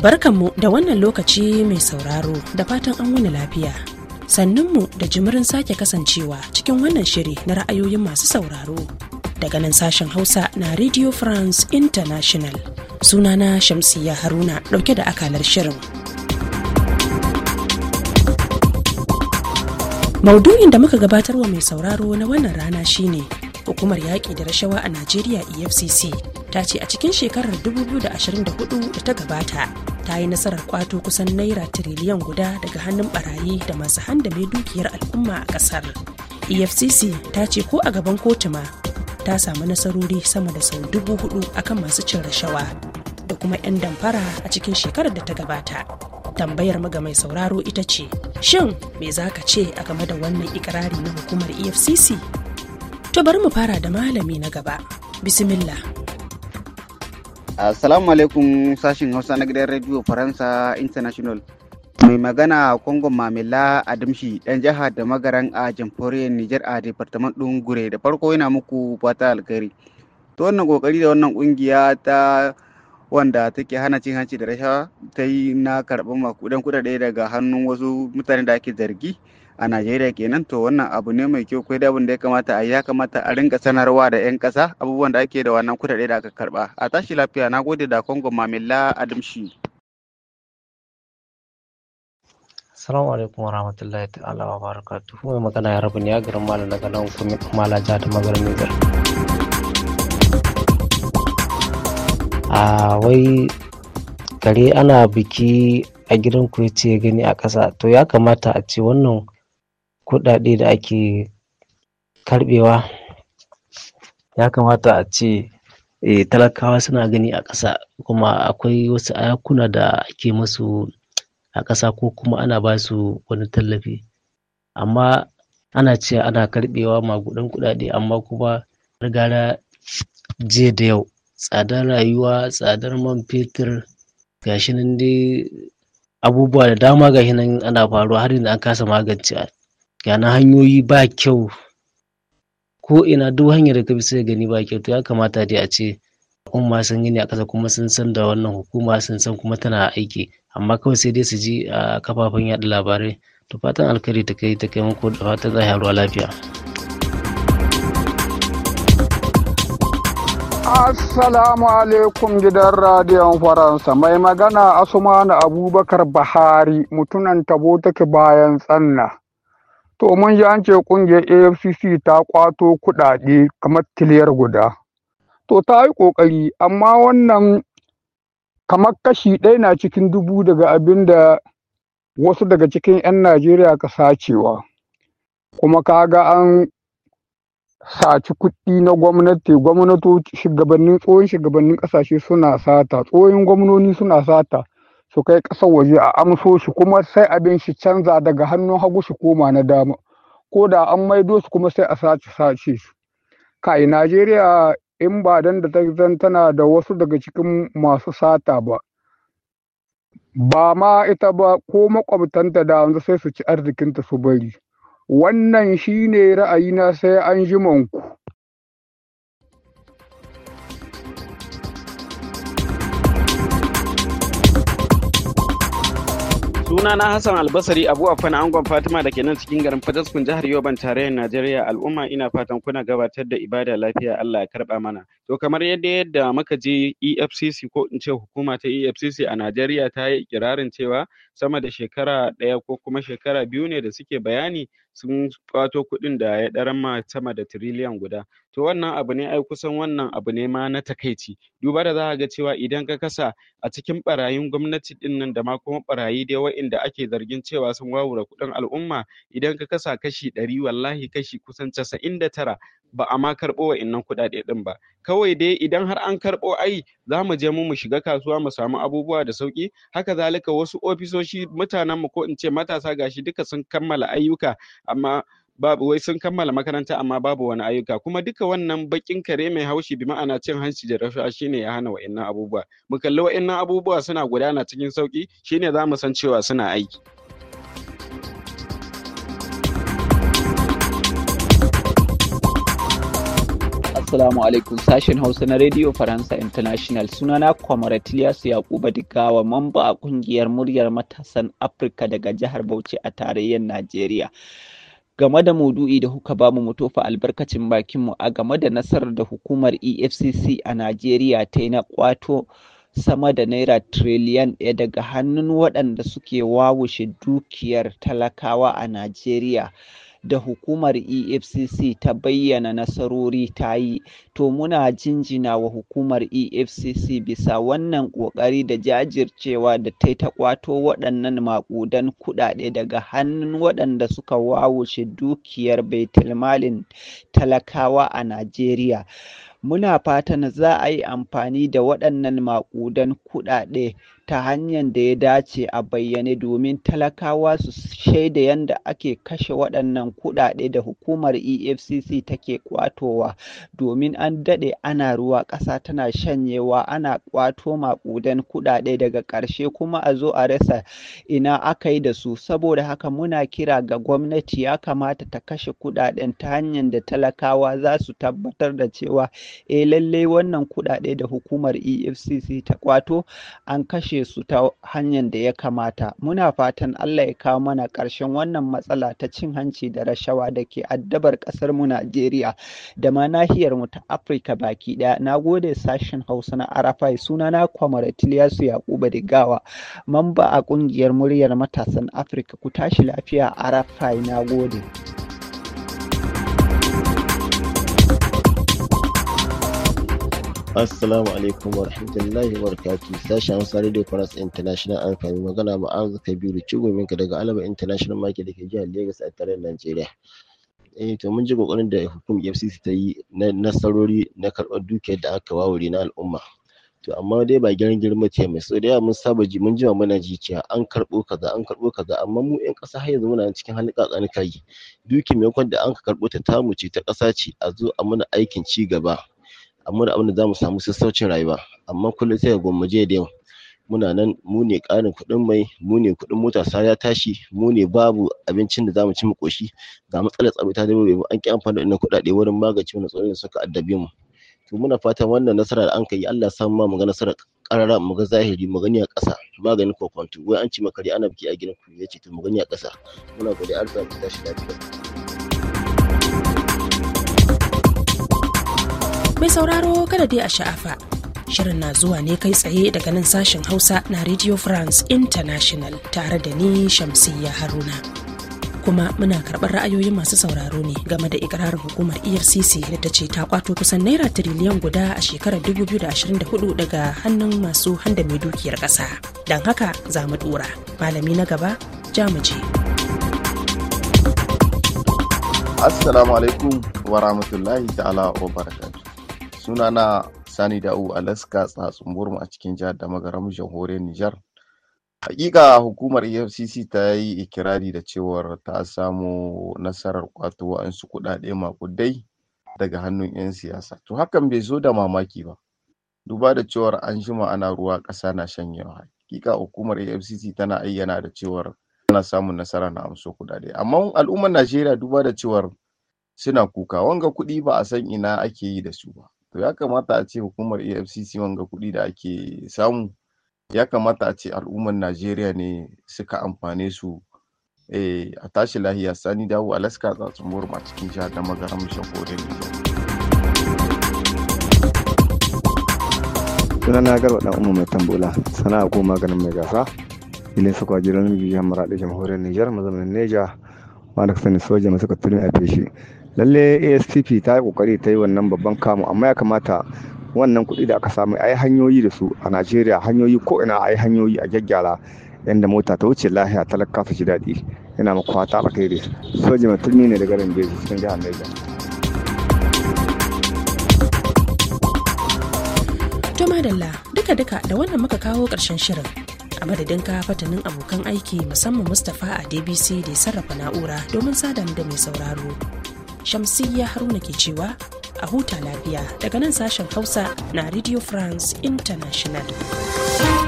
Barkanmu da wannan lokaci mai sauraro da fatan an wuni lafiya. Sanninmu da jimirin sake kasancewa cikin wannan shiri na ra'ayoyin masu sauraro. Daga nan sashen Hausa na Radio France International. Sunana Shamsiyya Haruna ɗauke da akalar shirin. Maudu'in da muka gabatar wa mai sauraro na wannan rana shine hukumar yaƙi da rashawa a Najeriya EFCC ta ce a cikin shekarar 2024 da ta gabata ta yi nasarar kwato kusan naira tiriliyan guda daga hannun barayi da masu handame dukiyar al'umma a ƙasar. EFCC ta ce ko a gaban kotuma ta samu nasarori sama da sau dubu hudu akan masu cin rashawa da kuma 'yan damfara a cikin shekarar da ta gabata. tambayar mu mai sauraro ita ce shin me za ka ce a game da wannan ikirari na hukumar efcc to bari mu fara da malami na gaba bismillah assalamu alaikum sashin hausa na gidan radio faransa international mai magana kongo mamila adamshi dan jihar da magaran a jamhuriyar niger a departement ɗin gure da farko yana muku fata alkhairi to wannan kokari da wannan kungiya ta wanda take hana cin hanci da rashawa ta yi na karɓar makudan kudade daga hannun wasu mutane da ake zargi a najeriya kenan to wannan abu ne mai kyau kai da abin da ya kamata a ya kamata a rinka sanarwa da 'yan kasa abubuwan da ake da wannan kudade da aka karɓa a tashi lafiya na gode da kongo mamilla adamshi salamu alaikum rahmatullahi ta'ala wa barakatuhu mai magana ya rabu ne a garin malam daga nan kuma malaja da magarin a wai kare ana biki a gidan ku ya gani a ƙasa to ya kamata a ce wannan kuɗaɗe da ake karɓewa ya kamata a ce e, talakawa suna gani a ƙasa kuma akwai wasu ayakuna da ake masu a ƙasa ko kuma ana ba su wani tallafi amma ana ce ana karɓewa magudan kuɗaɗe amma kuma gara jiya da yau tsadar rayuwa tsadar man fetur gashi nan dai abubuwa da dama gashi nan ana faruwa har yanzu an kasa magance ga na hanyoyi ba kyau ko ina duk hanyar da ka bi sai gani ba kyau to ya kamata dai a ce al'umma sun gani a ƙasa kuma sun san da wannan hukuma sun san kuma tana aiki amma kawai sai dai su ji a kafafen yaɗa labarai to fatan alkhairi ta kai ta kai muku da fatan za a lafiya. Assalamu alaikum gidan radiyon Faransa mai magana Asumani Abubakar Bahari mutunan tabo take bayan tsanna. To mun ji an ce kungiyar AFCC ta kwato kuɗaɗe kamar tiliyar guda. To ta yi ƙoƙari amma wannan kamar kashi ɗaya na cikin dubu daga abin da wasu daga cikin 'yan Najeriya ka sacewa. Kuma kaga an saci kuɗi na gwamnati gwamnatoci shugabannin tsohon shugabannin ƙasashe suna sata tsohon gwamnoni suna sata su kai ƙasar waje a amso shi kuma sai abin shi canza daga hannun hagu shi koma na dama ko da an maido su kuma sai a sace sace su kai najeriya in ba dan da ta zan tana da wasu daga cikin masu sata ba ba ma ita ba ko makwabtanta da yanzu sai su ci arzikinta su bari Wannan shi ne ra'ayina sai an ji manku. na hassan albasari abu a fana angon fatima da ke nan cikin garin Fajaskun, jihar yoban tarayyar najeriya al'umma ina fatan kuna gabatar da ibada lafiya allah ya karba mana to kamar yadda yadda muka je efcc ko in ce hukuma ta efcc a najeriya ta yi ikirarin cewa sama da shekara ɗaya ko kuma shekara biyu ne da suke bayani sun ƙwato kuɗin da ya ɗaran ma sama da tiriliyan guda to wannan abu ne ai kusan wannan abu ne ma na takaici duba da za ga cewa idan ka kasa a cikin ɓarayin gwamnati ɗin nan da ma kuma barayi dai wa'inda ake zargin cewa sun wawura kuɗin al'umma idan ka kasa kashi ɗari wallahi kashi kusan casa'in da tara ba a ma karɓo innan kuɗaɗe ɗin ba kawai dai idan har an karɓo ai za mu je mu shiga kasuwa mu samu abubuwa da sauki haka zalika wasu ofisoshi mutanen mu ko in ce matasa gashi duka sun kammala ayyuka amma babu wai sun kammala makaranta amma babu wani ayyuka kuma duka wannan bakin kare mai haushi bi ma'ana cin hanci da rashawa shine ya hana wa'annan abubuwa mu kalli wa'annan abubuwa suna gudana cikin sauki shine za mu san cewa suna aiki Assalamu alaikum sashen Hausa na Radio Faransa International sunana Comrade su Yakuba Digawa mamba a kungiyar muryar matasan Afirka daga jihar Bauchi a tarayyar Najeriya. Game da maudu'i da kuka ba mu mutofa albarkacin bakinmu a game da nasarar da hukumar EFCC a Najeriya ta yi na kwato sama da naira tiriliyan ɗaya daga hannun waɗanda suke wawushe dukiyar talakawa a Najeriya. da hukumar efcc ta bayyana nasarori ta yi to muna jinjina wa hukumar efcc bisa wannan ƙoƙari da jajircewa da ta ta ƙwato waɗannan maƙudan kuɗaɗe daga hannun waɗanda suka wawushe dukiyar baitulmalin talakawa a najeriya muna fatan za a yi amfani da waɗannan maƙudan kuɗaɗe ta hanyar da ya dace a bayyane domin talakawa su shaida yadda ake kashe waɗannan kuɗaɗe da hukumar efcc take kwatowa domin an daɗe ana ruwa ƙasa tana shanyewa ana kwato maƙudan kuɗaɗe daga ƙarshe kuma a zo a rasa ina aka yi da su saboda haka muna kira ga gwamnati ya kamata ta kashe kuɗaɗen ta hanyar da talakawa za su tabbatar da cewa eh lallai wannan kuɗaɗe da hukumar efcc ta kwato an kashe su ta hanyar da ya kamata. Muna fatan Allah ya kawo mana ƙarshen wannan matsala ta cin hanci da rashawa da ke addabar ƙasar mu Najeriya da ma nahiyar mu ta Afirka baki ɗaya. Na gode sashen Hausa na Arafai sunana Kwamar Tiliyasu Yakuba Gawa, mamba a ƙungiyar muryar matasan Afirka ku tashi lafiya Arafai na gode. Assalamu alaikum wa rahmatullahi wa barakatuh. Sashen Hausa Radio France International an kami magana ma'azu Kabiru Cigominka daga Alaba International Market da ke jihar Lagos a tarayyar nigeria. Eh to mun ji kokarin da hukumar EFCC ta yi na nasarori na karɓar dukiyar da aka wuri na al'umma. To amma dai ba gidan girma ce mai so da yawa mun saba ji mun jima muna ji cewa an karɓo kaza an karɓo kaza amma mu 'yan ƙasa har yanzu muna cikin halin ƙaƙani kai. Duki mai da an karɓo ta tamu ce ta kasa ce a zo a mana aikin ci gaba. amma da abinda zamu samu sassaucin rayuwa amma kullum sai ka je da yau muna nan mu ne ƙarin kuɗin mai mu ne kuɗin mota sai ya tashi mu ne babu abincin da zamu ci mu ƙoshi ga matsalar tsaro ta dabbe mu an ki amfani da wannan kuɗaɗe wurin magance wannan tsoron da suka addabe mu to muna fatan wannan nasara da an kai Allah ya samu ma mu ga nasarar ƙarara mu ga zahiri mu gani a ƙasa maganin kokonto wai an ci makari ana biki a gidan ku yace to mu gani a ƙasa muna godiya Allah ya tashi lafiya mai sauraro kada dai a sha'afa shirin na zuwa ne kai tsaye daga nan sashen hausa na radio france international tare da ni shamsiyya haruna kuma muna karɓar ra'ayoyin masu sauraro ne game da ikirarin hukumar IARCC e da ta ce ta kwato kusan naira tiriliyan guda a shekarar 2024 daga hannun masu handa mai dukiyar ƙasa don haka za mu dora malami na gaba jamuje assalamu alaikum wa rahmatullahi ta'ala wa sunana sani da da'u alaska tsatsun burma a cikin jihar da magaram jamhuriyar nijar hakika hukumar efcc ta yi ikirari da cewar ta samu nasarar kwato wa'ansu kudade makudai daga hannun 'yan siyasa to hakan bai zo da mamaki ba duba da cewar an jima ana ruwa ƙasa na shanyewa hakika hukumar efcc tana ayyana da cewar tana samun nasara na amso kudade amma al'ummar najeriya duba da cewar suna kuka wanga kuɗi ba a san ina ake yi da su ba to ya kamata a ce hukumar efcc wanga kuɗi da ake samu ya kamata a ce al'ummar najeriya ne suka amfane su eh, a tashi lahiya sani dawo alaska tsatsun burma cikin jihar da magaram shakorin sunana garba dan umar mai tambola sana'a ko maganin mai gasa ilin sakwa jiran jihar maraɗi jamhuriyar nijar mazamin neja wanda kasance sani soja masu a feshi lalle ASTP ta yi kokari ta yi wannan babban kamu amma ya kamata wannan kuɗi da aka samu ai hanyoyi da su a Najeriya hanyoyi ko ina ai hanyoyi a gyaggyara yadda mota ta wuce lahiya talaka su ji daɗi yana maka fata alkhairi soji mai ne ne daga Rambeji cikin jihar Niger To madalla duka-duka da wannan muka kawo karshen shirin a madadin ka fatanin abokan aiki musamman mustapha a dbc da sarrafa na'ura domin sada da mai sauraro shamsiyya haruna ke cewa a huta lafiya daga nan sashen hausa na radio france international